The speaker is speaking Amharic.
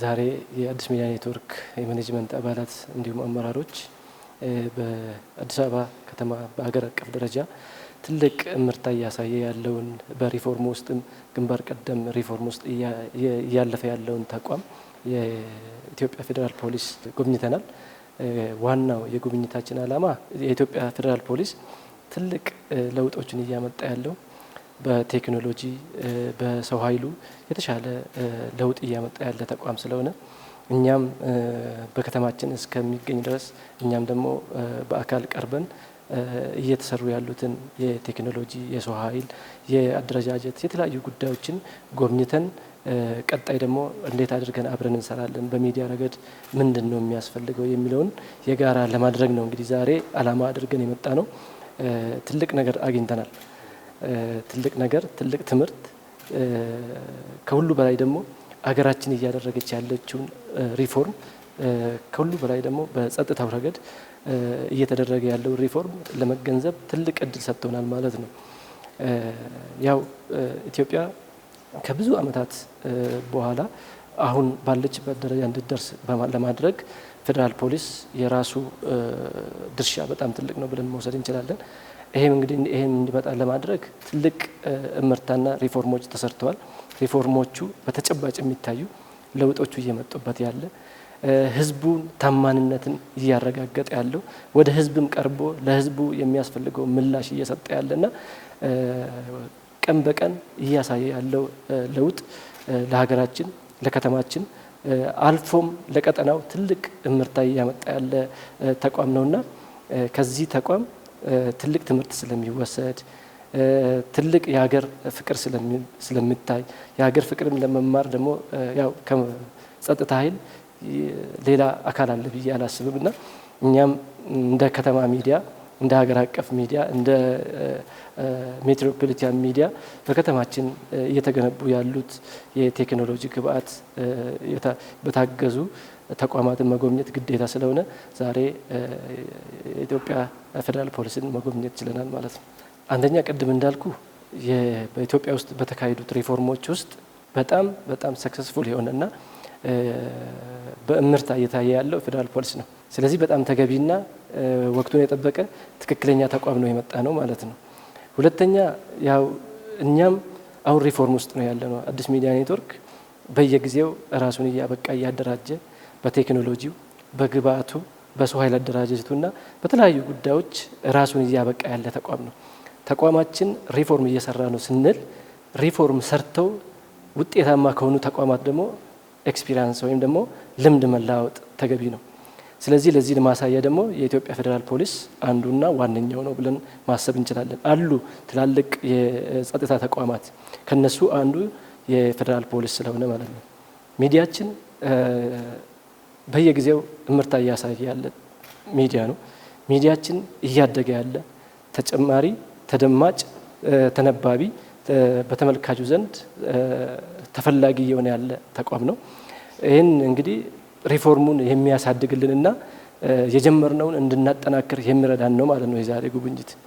ዛሬ የአዲስ ሚዲያ ኔትወርክ የማኔጅመንት አባላት እንዲሁም አመራሮች በአዲስ አበባ ከተማ በሀገር አቀፍ ደረጃ ትልቅ ምርታ እያሳየ ያለውን በሪፎርም ውስጥም ግንባር ቀደም ሪፎርም ውስጥ እያለፈ ያለውን ተቋም የኢትዮጵያ ፌዴራል ፖሊስ ጎብኝተናል። ዋናው የጉብኝታችን ዓላማ የኢትዮጵያ ፌዴራል ፖሊስ ትልቅ ለውጦችን እያመጣ ያለው በቴክኖሎጂ በሰው ኃይሉ የተሻለ ለውጥ እያመጣ ያለ ተቋም ስለሆነ እኛም በከተማችን እስከሚገኝ ድረስ እኛም ደግሞ በአካል ቀርበን እየተሰሩ ያሉትን የቴክኖሎጂ የሰው ኃይል የአደረጃጀት የተለያዩ ጉዳዮችን ጎብኝተን ቀጣይ ደግሞ እንዴት አድርገን አብረን እንሰራለን፣ በሚዲያ ረገድ ምንድን ነው የሚያስፈልገው የሚለውን የጋራ ለማድረግ ነው እንግዲህ ዛሬ አላማ አድርገን የመጣ ነው። ትልቅ ነገር አግኝተናል። ትልቅ ነገር፣ ትልቅ ትምህርት፣ ከሁሉ በላይ ደግሞ አገራችን እያደረገች ያለችውን ሪፎርም ከሁሉ በላይ ደግሞ በጸጥታው ረገድ እየተደረገ ያለው ሪፎርም ለመገንዘብ ትልቅ እድል ሰጥቶናል ማለት ነው። ያው ኢትዮጵያ ከብዙ ዓመታት በኋላ አሁን ባለችበት ደረጃ እንድደርስ ለማድረግ ፌዴራል ፖሊስ የራሱ ድርሻ በጣም ትልቅ ነው ብለን መውሰድ እንችላለን። ይሄም እንግዲህ ይሄን እንዲመጣ ለማድረግ ትልቅ እምርታና ሪፎርሞች ተሰርተዋል። ሪፎርሞቹ በተጨባጭ የሚታዩ ለውጦቹ እየመጡበት ያለ ህዝቡን ታማንነትን እያረጋገጠ ያለው ወደ ህዝብም ቀርቦ ለህዝቡ የሚያስፈልገው ምላሽ እየሰጠ ያለና ቀን በቀን እያሳየ ያለው ለውጥ ለሀገራችን ለከተማችን አልፎም ለቀጠናው ትልቅ እምርታ እያመጣ ያለ ተቋም ነውና ከዚህ ተቋም ትልቅ ትምህርት ስለሚወሰድ ትልቅ የሀገር ፍቅር ስለሚታይ የሀገር ፍቅርም ለመማር ደግሞ ያው ከጸጥታ ኃይል ሌላ አካል አለ ብዬ አላስብም እና እኛም እንደ ከተማ ሚዲያ እንደ ሀገር አቀፍ ሚዲያ እንደ ሜትሮፖሊታን ሚዲያ በከተማችን እየተገነቡ ያሉት የቴክኖሎጂ ግብአት በታገዙ ተቋማትን መጎብኘት ግዴታ ስለሆነ ዛሬ የኢትዮጵያ ፌዴራል ፖሊስን መጎብኘት ችለናል ማለት ነው። አንደኛ ቅድም እንዳልኩ በኢትዮጵያ ውስጥ በተካሄዱት ሪፎርሞች ውስጥ በጣም በጣም ሰክሰስፉል የሆነና በእምርታ እየታየ ያለው ፌዴራል ፖሊስ ነው። ስለዚህ በጣም ተገቢና ወቅቱን የጠበቀ ትክክለኛ ተቋም ነው የመጣ ነው ማለት ነው። ሁለተኛ ያው እኛም አሁን ሪፎርም ውስጥ ነው ያለ ነው። አዲስ ሚዲያ ኔትወርክ በየጊዜው ራሱን እያበቃ እያደራጀ በቴክኖሎጂው፣ በግብአቱ፣ በሰው ኃይል አደራጀቱና በተለያዩ ጉዳዮች ራሱን እያበቃ ያለ ተቋም ነው። ተቋማችን ሪፎርም እየሰራ ነው ስንል ሪፎርም ሰርተው ውጤታማ ከሆኑ ተቋማት ደግሞ ኤክስፒሪያንስ ወይም ደግሞ ልምድ መለዋወጥ ተገቢ ነው። ስለዚህ ለዚህ ማሳያ ደግሞ የኢትዮጵያ ፌዴራል ፖሊስ አንዱና ዋነኛው ነው ብለን ማሰብ እንችላለን። አሉ ትላልቅ የጸጥታ ተቋማት ከነሱ አንዱ የፌዴራል ፖሊስ ስለሆነ ማለት ነው። ሚዲያችን በየጊዜው እምርታ እያሳየ ያለ ሚዲያ ነው። ሚዲያችን እያደገ ያለ ተጨማሪ ተደማጭ፣ ተነባቢ፣ በተመልካቹ ዘንድ ተፈላጊ እየሆነ ያለ ተቋም ነው። ይህን እንግዲህ ሪፎርሙን የሚያሳድግልንና የጀመርነውን እንድናጠናክር የሚረዳን ነው ማለት ነው የዛሬ ጉብኝት።